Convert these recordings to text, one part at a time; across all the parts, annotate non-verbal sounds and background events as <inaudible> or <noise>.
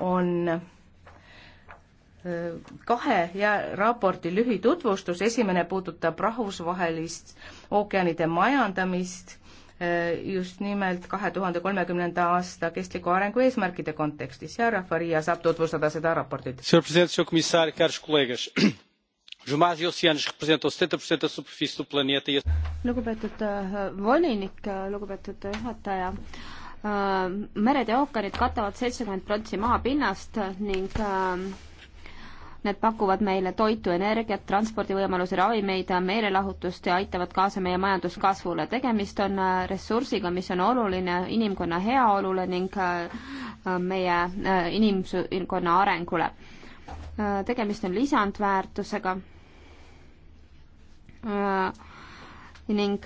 on äh, kahe raporti lühitutvustus, esimene puudutab rahvusvahelist ookeanide majandamist äh, just nimelt kahe tuhande kolmekümnenda aasta kestliku arengu eesmärkide kontekstis ja Rahvaria saab tutvustada seda raportit. <clears throat> E e lugupeetud äh, volinik, lugupeetud juhataja Äh, mered ja ookeanid katavad seitsekümmend prontsi maapinnast ning äh, need pakuvad meile toitu, energiat, transpordivõimalusi, ravimeid, meelelahutust ja aitavad kaasa meie majanduskasvule. tegemist on äh, ressursiga, mis on oluline inimkonna heaolule ning meie inimkonna arengule. tegemist on lisandväärtusega ning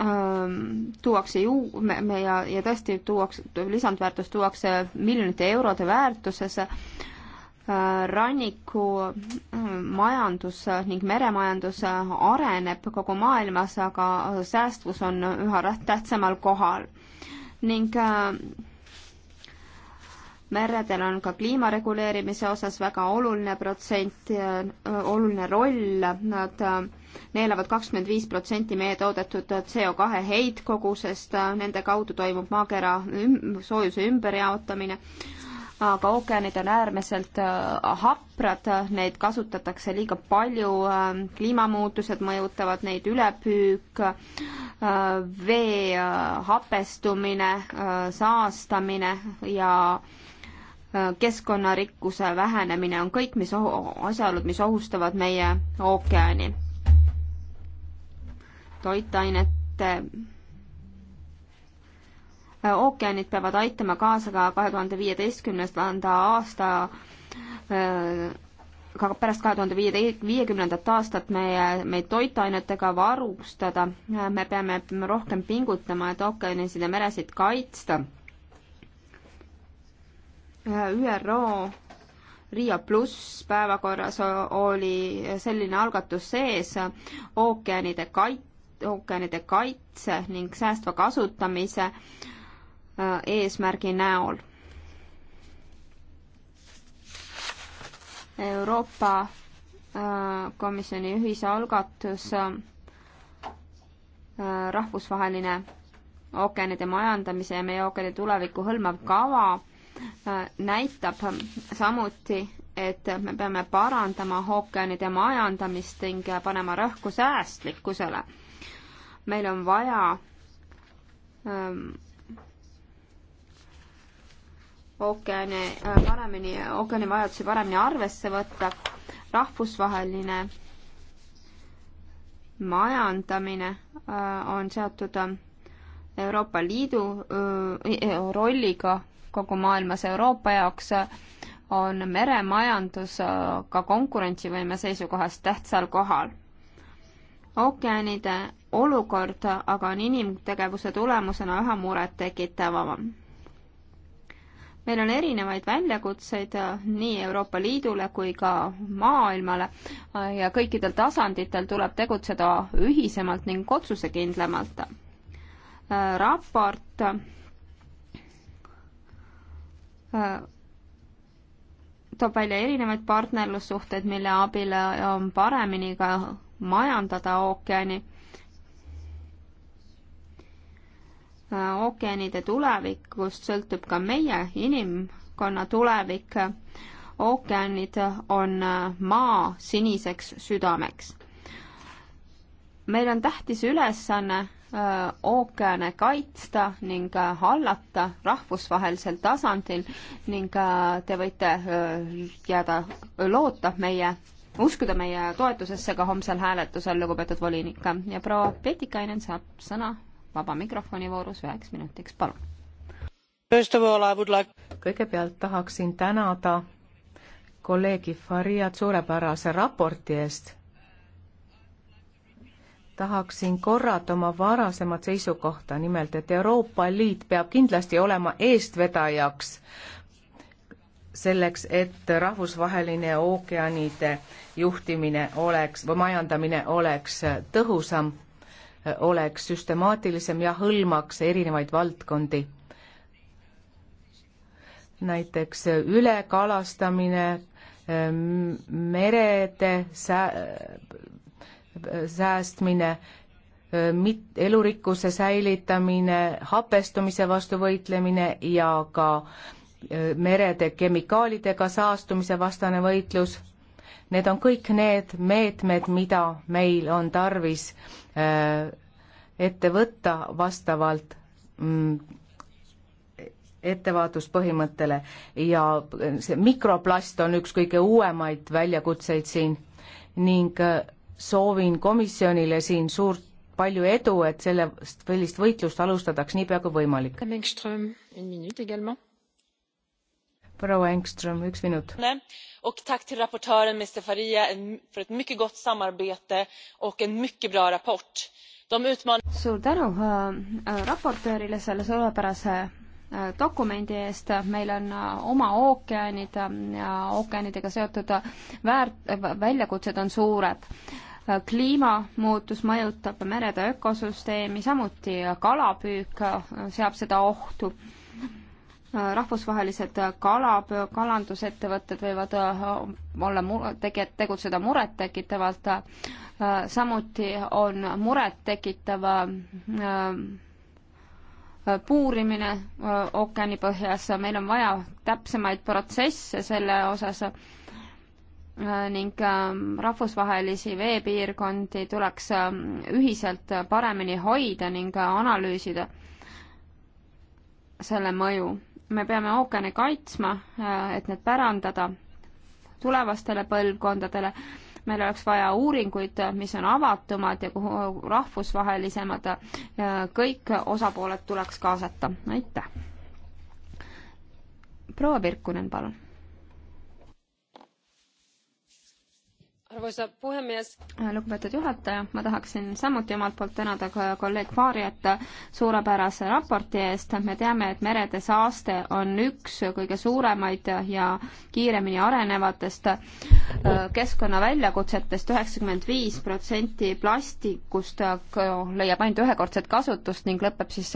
Ähm, tuuakse ju- me, me ja, ja tõesti tuuakse, lisandväärtus tuuakse miljonite eurode väärtuses äh,, ranniku äh, majandus ning meremajandus areneb kogu maailmas, aga säästvus on üha tähtsamal kohal. ning äh, meredel on ka kliima reguleerimise osas väga oluline protsent, oluline roll, nad neelavad kakskümmend viis protsenti meie toodetud CO2 heitkogusest, nende kaudu toimub maakera üm-, soojuse ümberjaotamine, aga ookeanid on äärmiselt haprad, neid kasutatakse liiga palju, kliimamuutused mõjutavad neid, ülepüük, vee hapestumine, saastamine ja keskkonnarikkuse vähenemine on kõik, mis asjaolud, mis ohustavad meie ookeani. toitainete äh, ookeanid peavad aitama kaasa ka kahe tuhande viieteistkümnenda aasta äh, ka pärast kahe tuhande viie, viiekümnendat aastat meie, meid toitainetega varustada. me peame rohkem pingutama, et ookeanisid ja meresid kaitsta ÜRO Riia pluss päevakorras oli selline algatus sees, ookeanide kait-, ookeanide kaitse ning säästva kasutamise äh, eesmärgi näol. Euroopa äh, Komisjoni ühisalgatus äh, rahvusvaheline ookeanide majandamise ja meie ookeani tuleviku hõlmav kava Äh, näitab samuti, et me peame parandama ookeanide majandamist ning panema rõhku säästlikkusele. meil on vaja ähm, ookeani äh, paremini, ookeani vajadusi paremini arvesse võtta, rahvusvaheline majandamine äh, on seotud ähm, Euroopa Liidu äh, rolliga kogu maailmas Euroopa jaoks on meremajandus äh, ka konkurentsivõime seisukohast tähtsal kohal. ookeanide olukord aga on inimtegevuse tulemusena üha murettekitavam. meil on erinevaid väljakutseid äh, nii Euroopa Liidule kui ka maailmale äh, ja kõikidel tasanditel tuleb tegutseda ühisemalt ning otsusekindlamalt. raport Äh, toob välja erinevaid partnerlussuhteid, mille abil on paremini ka majandada ookeani. Äh, ookeanide tulevikust sõltub ka meie inimkonna tulevik. ookeanid on äh, maa siniseks südameks. meil on tähtis ülesanne Äh, ookeane kaitsta ning äh, hallata rahvusvahelisel tasandil ning äh, te võite jääda loota meie, uskuda meie toetusesse ka homsel hääletusel, lugupeetud volinik. ja proua Petikainen saab sõna vaba mikrofoni voorus üheks minutiks, palun. kõigepealt tahaksin tänada kolleegi Fariat suurepärase raporti eest tahaksin korrata oma varasemat seisukohta, nimelt et Euroopa Liit peab kindlasti olema eestvedajaks selleks, et rahvusvaheline ookeanide juhtimine oleks või majandamine oleks tõhusam, oleks süstemaatilisem ja hõlmaks erinevaid valdkondi. näiteks ülekalastamine, merede sää-, säästmine, mit-, elurikkuse säilitamine, hapestumise vastu võitlemine ja ka merede kemikaalidega saastumise vastane võitlus. Need on kõik need meetmed, mida meil on tarvis ette võtta vastavalt mm, ettevaatuspõhimõttele ja see mikroplast on üks kõige uuemaid väljakutseid siin ning soovin komisjonile siin suurt palju edu, et sellest, sellist võitlust alustataks niipea kui võimalik. proua Engström, üks minut. Och tack till rapportören Mr Faria för ett mycket gott samarbete och en mycket bra rapport. De utman-. suur tänu äh, äh raportöörile selle suurepärase äh, dokumendi eest, meil on äh, oma ookeanid ja ookeanidega seotud väärt-, väljakutsed on suured kliimamuutus mõjutab merede ökosüsteemi, samuti kalapüük seab seda ohtu. rahvusvahelised kalapöö-, kalandusettevõtted võivad olla mure, tege-, tegutseda murettekitavalt, samuti on murettekitav äh, puurimine äh, ookeani põhjas, meil on vaja täpsemaid protsesse selle osas, Äh, ning ähm, rahvusvahelisi veepiirkondi tuleks ähm, ühiselt paremini hoida ning äh, analüüsida selle mõju. me peame ookeane kaitsma, äh, et need pärandada tulevastele põlvkondadele. meil oleks vaja uuringuid, mis on avatumad ja kuhu rahvusvahelisemad. kõik osapooled tuleks kaasata. aitäh. proua Virkunen, palun Äh, lugupeetud juhataja, ma tahaksin samuti omalt poolt tänada ka kolleeg Vaariat suurepärase raporti eest. me teame, et merede saaste on üks kõige suuremaid ja kiiremini arenevatest äh, keskkonnaväljakutsetest. üheksakümmend viis protsenti plastikust äh, leiab ainult ühekordset kasutust ning lõpeb siis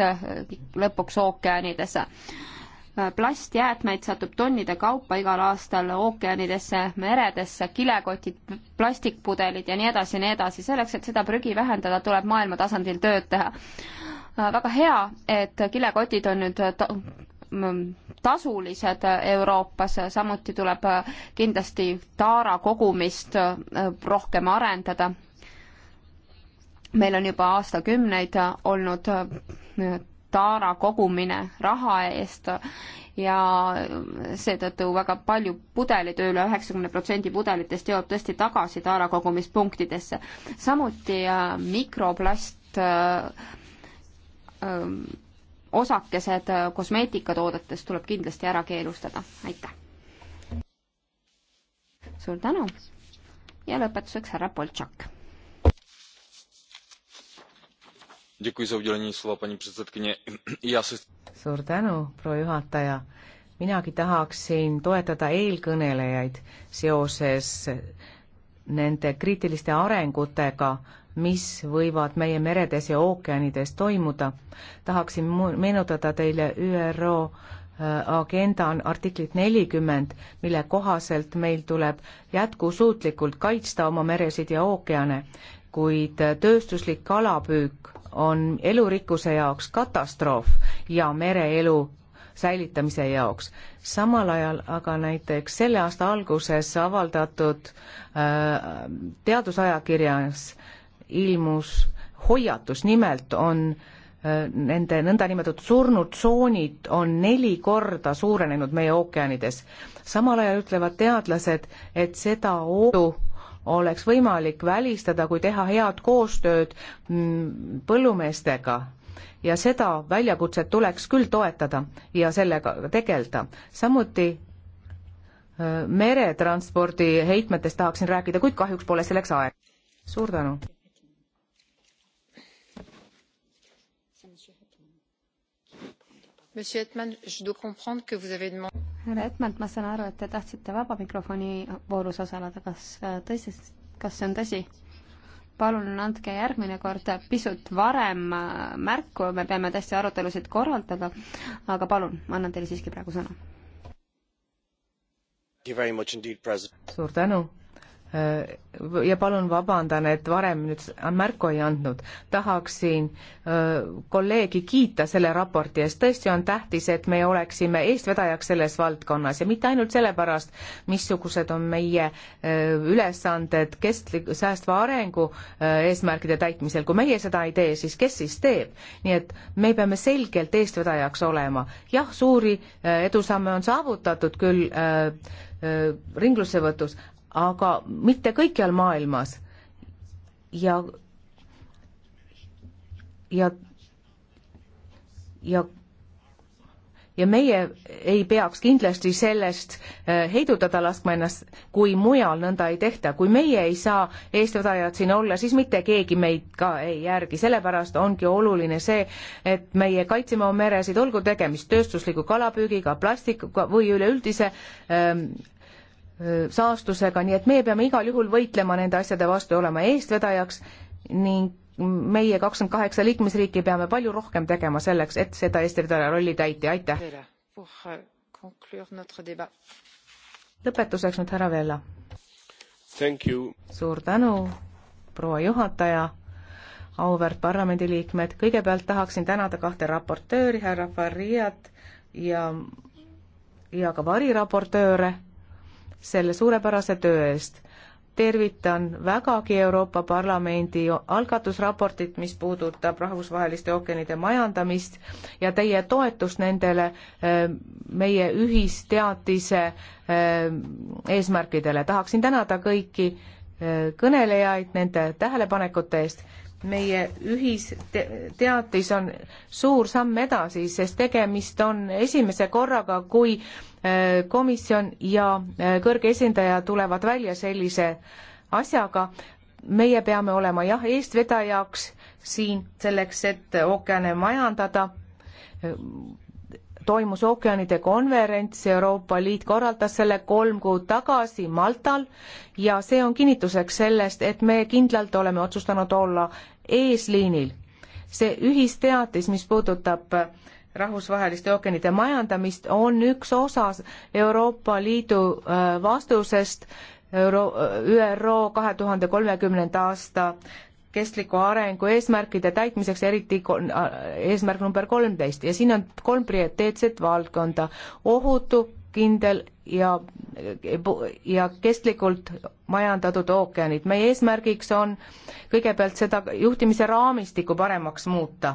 lõpuks ookeanides plastjäätmeid satub tonnide kaupa igal aastal ookeanidesse, meredesse, kilekotid, plastikpudelid ja nii edasi ja nii edasi. selleks, et seda prügi vähendada, tuleb maailma tasandil tööd teha. väga hea, et kilekotid on nüüd ta mm, tasulised Euroopas, samuti tuleb kindlasti taara kogumist äh, rohkem arendada. meil on juba aastakümneid olnud äh, taara kogumine raha eest ja seetõttu väga palju pudelid üle, üle üheksakümne protsendi pudelitest jõuab tõesti tagasi taara kogumispunktidesse. samuti äh, mikroplast äh, äh, osakesed kosmeetikatoodetest tuleb kindlasti ära keelustada, aitäh! suur tänu ja lõpetuseks härra Boltšak paní předsedkyně. <clears throat> Ja se... suur tänu, proua juhataja. minagi tahaksin toetada eelkõnelejaid seoses nende kriitiliste arengutega, mis võivad meie meredes ja ookeanides toimuda. tahaksin meenutada teile ÜRO äh, agenda on artiklit nelikümmend, mille kohaselt meil tuleb jätkusuutlikult kaitsta oma meresid ja ookeane, kuid tööstuslik kalapüük on elurikkuse jaoks katastroof ja mereelu säilitamise jaoks. samal ajal aga näiteks selle aasta alguses avaldatud äh, teadusajakirjas ilmus hoiatus, nimelt on äh, Nende nõndanimetatud surnud tsoonid on neli korda suurenenud meie ookeanides. samal ajal ütlevad teadlased, et seda ohtu oleks võimalik välistada, kui teha head koostööd mm, põllumeestega ja seda väljakutset tuleks küll toetada ja sellega tegeleda. samuti äh, meretranspordi heitmetest tahaksin rääkida, kuid kahjuks pole selleks aega. suur tänu. Monsieur Hetman, je dois comprendre que vous avez demandé härra Etmelt, ma saan aru, et te tahtsite vaba mikrofoni voorus osaleda, kas äh, tõsi, kas see on tõsi? palun andke järgmine kord pisut varem äh, märku, me peame tõesti arutelusid korraldada, aga palun, ma annan teile siiski praegu sõna. suur tänu, Äh, ja palun vabandan, et varem nüüd märku ei andnud, tahaksin äh, kolleegi kiita selle raporti eest, tõesti on tähtis, et me oleksime eestvedajaks selles valdkonnas ja mitte ainult sellepärast, missugused on meie äh, ülesanded kestlik, säästva arengu eesmärkide täitmisel, kui meie seda ei tee, siis kes siis teeb? nii et me peame selgelt eestvedajaks olema, jah, suuri edusamme on saavutatud küll ringlussevõtus, aga mitte kõikjal maailmas. ja, ja, ja ja meie ei peaks kindlasti sellest äh, heidutada laskma ennast, kui mujal nõnda ei tehta. kui meie ei saa eestvedajad siin olla, siis mitte keegi meid ka ei järgi, sellepärast ongi oluline see, et meie kaitseme oma meresid, olgu tegemist tööstusliku kalapüügiga, plastikuga või üleüldise ähm, saastusega, nii et meie peame igal juhul võitlema nende asjade vastu ja olema eestvedajaks ning meie kakskümmend kaheksa liikmesriiki peame palju rohkem tegema selleks, et seda eestvedaja rolli täita, aitäh. Euh, lõpetuseks nüüd härra Vella. suur tänu, proua juhataja, auväärt parlamendiliikmed, kõigepealt tahaksin tänada kahte raportööri, härra Fariat ja, ja ka variraportööre selle suurepärase töö eest. tervitan vägagi Euroopa Parlamendi algatusraportit, mis puudutab rahvusvaheliste ookeanide majandamist ja teie toetust nendele eh, meie ühisteatise eh, eesmärkidele. tahaksin tänada kõiki kõnelejaid nende tähelepanekute eest. meie ühisteatis on suur samm edasi, sest tegemist on esimese korraga, kui äh, komisjon ja äh, kõrge esindaja tulevad välja sellise asjaga. meie peame olema jah, eestvedajaks siin selleks, et ookeane majandada toimus ookeanide konverents, Euroopa Liit korraldas selle kolm kuud tagasi Maltal ja see on kinnituseks sellest, et me kindlalt oleme otsustanud olla eesliinil. see ühisteatis, mis puudutab rahvusvaheliste ookeanide majandamist, on üks osa Euroopa Liidu äh, vastusest Euro, ÜRO kahe tuhande kolmekümnenda aasta kestliku arengu eesmärkide täitmiseks, eriti äh, eesmärk number kolmteist ja siin on kolm prioriteetset valdkonda, ohutu, kindel ja, ja kestlikult majandatud ookeanid. meie eesmärgiks on kõigepealt seda juhtimise raamistikku paremaks muuta.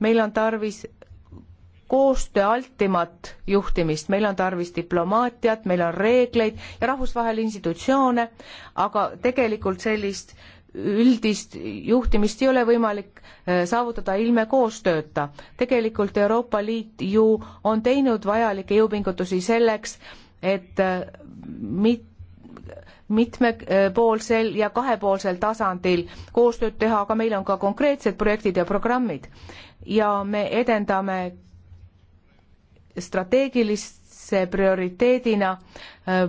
meil on tarvis koostöö altimat juhtimist, meil on tarvis diplomaatiat, meil on reegleid ja rahvusvahelisi institutsioone, aga tegelikult sellist äh, üldist juhtimist ei ole võimalik äh, saavutada ilme koostööta. tegelikult Euroopa Liit ju on teinud vajalikke jõupingutusi selleks, et äh, mit-, mitmepoolsel ja kahepoolsel tasandil koostööd teha, aga meil on ka konkreetsed projektid ja programmid. ja me edendame strateegilise prioriteedina äh,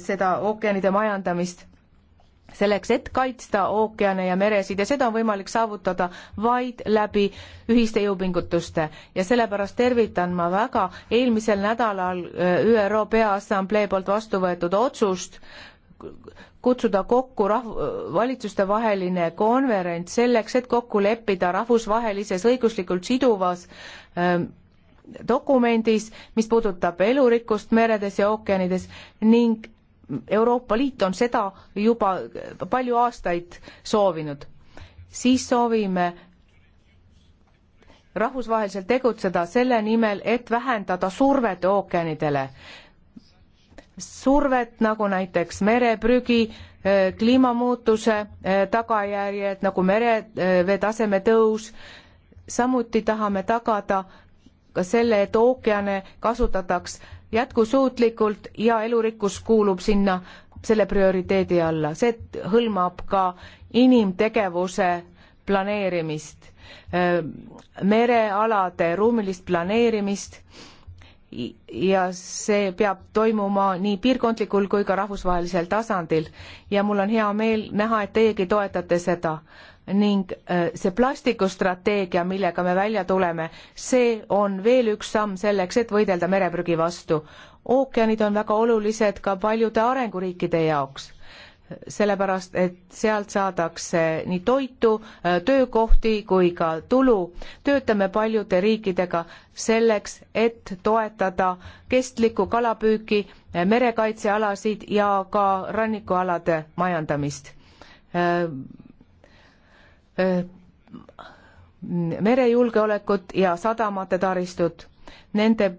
seda ookeanide majandamist selleks, et kaitsta ookeane ja meresid ja seda on võimalik saavutada vaid läbi ühiste jõupingutuste ja sellepärast tervitan ma väga eelmisel nädalal äh, ÜRO Peaassamblee poolt vastu võetud otsust kutsuda kokku rahv-, valitsustevaheline konverents selleks, et kokku leppida rahvusvahelises õiguslikult siduvas ähm, dokumendis, mis puudutab elurikkust meredes ja ookeanides ning Euroopa Liit on seda juba palju aastaid soovinud. siis soovime rahvusvaheliselt tegutseda selle nimel, et vähendada survet ookeanidele. survet nagu näiteks mereprügi, eh, kliimamuutuse eh, tagajärjed nagu mereveetaseme tõus, samuti tahame tagada ka selle, et ookeane kasutataks jätkusuutlikult ja elurikkus kuulub sinna selle prioriteedi alla. see hõlmab ka inimtegevuse planeerimist, äh, merealade ruumilist planeerimist ja see peab toimuma nii piirkondlikul kui ka rahvusvahelisel tasandil ja mul on hea meel näha, et teiegi toetate seda ning äh, see plastikustrateegia, millega me välja tuleme, see on veel üks samm selleks, et võidelda mereprügi vastu. ookeanid on väga olulised ka paljude arenguriikide jaoks, sellepärast et sealt saadakse nii toitu, äh, töökohti kui ka tulu. töötame paljude riikidega selleks, et toetada kestlikku kalapüüki, äh, merekaitsealasid ja ka rannikualade majandamist merejulgeolekut ja sadamate taristut. Nende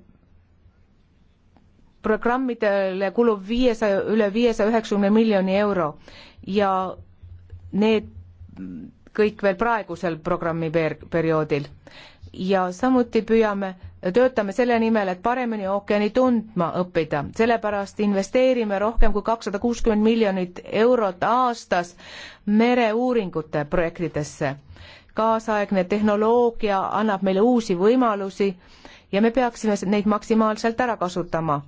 programmidele kulub viiesaja, üle viiesaja üheksakümne miljoni euro ja need kõik veel praegusel programmi per-, perioodil. ja samuti püüame, töötame selle nimel, et paremini ookeani tundma õppida, sellepärast investeerime rohkem kui kakssada kuuskümmend miljonit eurot aastas mereuuringute projektidesse. kaasaegne tehnoloogia annab meile uusi võimalusi ja me peaksime neid maksimaalselt ära kasutama.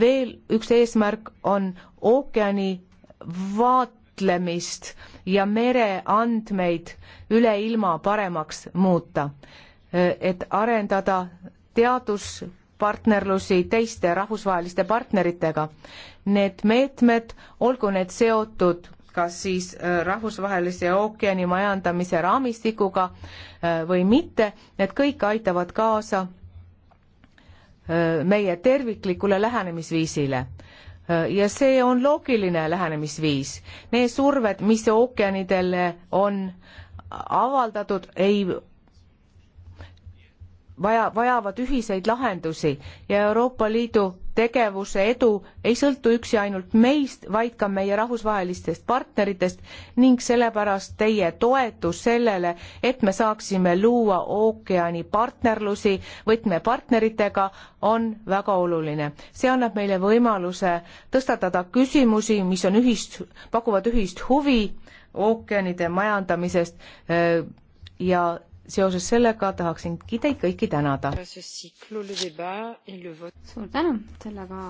veel üks eesmärk on ookeani vaat-, mõtlemist ja mereandmeid üle ilma paremaks muuta, et arendada teaduspartnerlusi teiste rahvusvaheliste partneritega. Need meetmed, olgu need seotud kas siis äh, rahvusvahelise ookeani majandamise raamistikuga äh, või mitte, need kõik aitavad kaasa äh, meie terviklikule lähenemisviisile ja see on loogiline lähenemisviis. Need surved, mis ookeanidele on avaldatud, ei vaja, vajavad ühiseid lahendusi ja Euroopa Liidu tegevuse edu ei sõltu üksi ainult meist, vaid ka meie rahvusvahelistest partneritest ning sellepärast teie toetus sellele, et me saaksime luua ookeani partnerlusi võtmepartneritega, on väga oluline. see annab meile võimaluse tõstatada küsimusi, mis on ühist, pakuvad ühist huvi ookeanide majandamisest äh, ja seoses sellega tahaksingi teid kõiki tänada. suur tänu, sellega